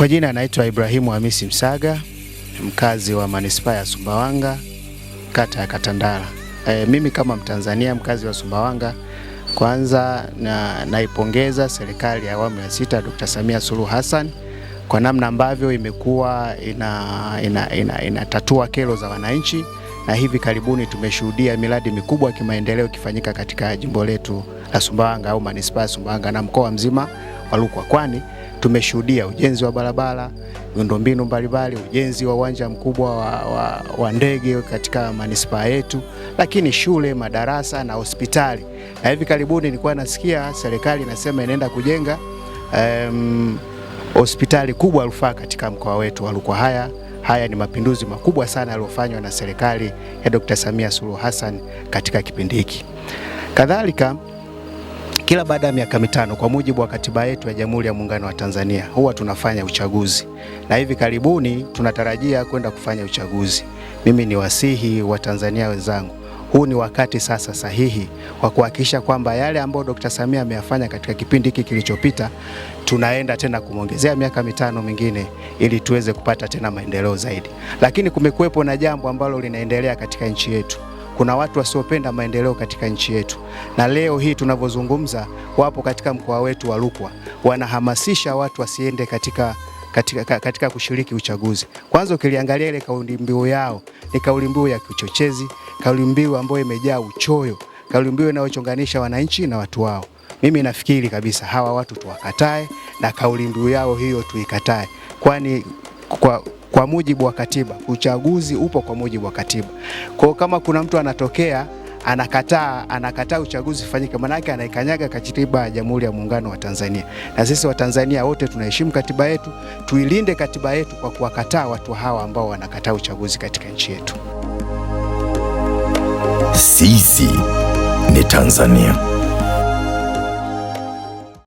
Kwa jina anaitwa Ibrahimu Hamisi Msaga, mkazi wa manispaa ya Sumbawanga, kata ya Katandala. E, mimi kama Mtanzania mkazi wa Sumbawanga, kwanza na, naipongeza serikali ya awamu ya sita Dr. Samia Suluhu Hassan kwa namna ambavyo imekuwa inatatua ina, ina, ina kero za wananchi, na hivi karibuni tumeshuhudia miradi mikubwa ya kimaendeleo ikifanyika katika jimbo letu la Sumbawanga au manispaa ya Sumbawanga na mkoa mzima wa Rukwa kwani Tumeshuhudia ujenzi wa barabara, miundombinu mbalimbali, ujenzi wa uwanja mkubwa wa, wa, wa ndege katika manispaa yetu, lakini shule, madarasa na hospitali. Na hivi karibuni nilikuwa nasikia serikali inasema inaenda kujenga um, hospitali kubwa rufaa katika mkoa wetu wa Rukwa. Haya haya ni mapinduzi makubwa sana yaliyofanywa na serikali ya Dr. Samia Suluhu Hassan katika kipindi hiki. Kadhalika kila baada ya miaka mitano kwa mujibu wa katiba yetu ya Jamhuri ya Muungano wa Tanzania huwa tunafanya uchaguzi, na hivi karibuni tunatarajia kwenda kufanya uchaguzi. Mimi ni wasihi wa Tanzania wenzangu, huu ni wakati sasa sahihi wa kuhakikisha kwamba yale ambayo Dr. Samia ameyafanya katika kipindi hiki kilichopita, tunaenda tena kumwongezea miaka mitano mingine ili tuweze kupata tena maendeleo zaidi. Lakini kumekuwepo na jambo ambalo linaendelea katika nchi yetu kuna watu wasiopenda maendeleo katika nchi yetu, na leo hii tunavyozungumza, wapo katika mkoa wetu wa Rukwa wanahamasisha watu wasiende katika katika, katika kushiriki uchaguzi. Kwanza ukiliangalia ile kauli mbiu yao ni kauli mbiu ya kichochezi, kauli mbiu ambayo imejaa uchoyo, kauli mbiu inayochonganisha wananchi na watu wao. Mimi nafikiri kabisa hawa watu tuwakatae na kauli mbiu yao hiyo tuikatae, kwani kwa kwa mujibu wa katiba. Uchaguzi upo kwa mujibu wa katiba. Kwa hiyo kama kuna mtu anatokea anakataa anakataa uchaguzi ufanyike, manake anaikanyaga katiba ya Jamhuri ya Muungano wa Tanzania. Na sisi Watanzania wote tunaheshimu katiba yetu, tuilinde katiba yetu kwa kuwakataa watu hawa ambao wanakataa uchaguzi katika nchi yetu. Sisi ni Tanzania.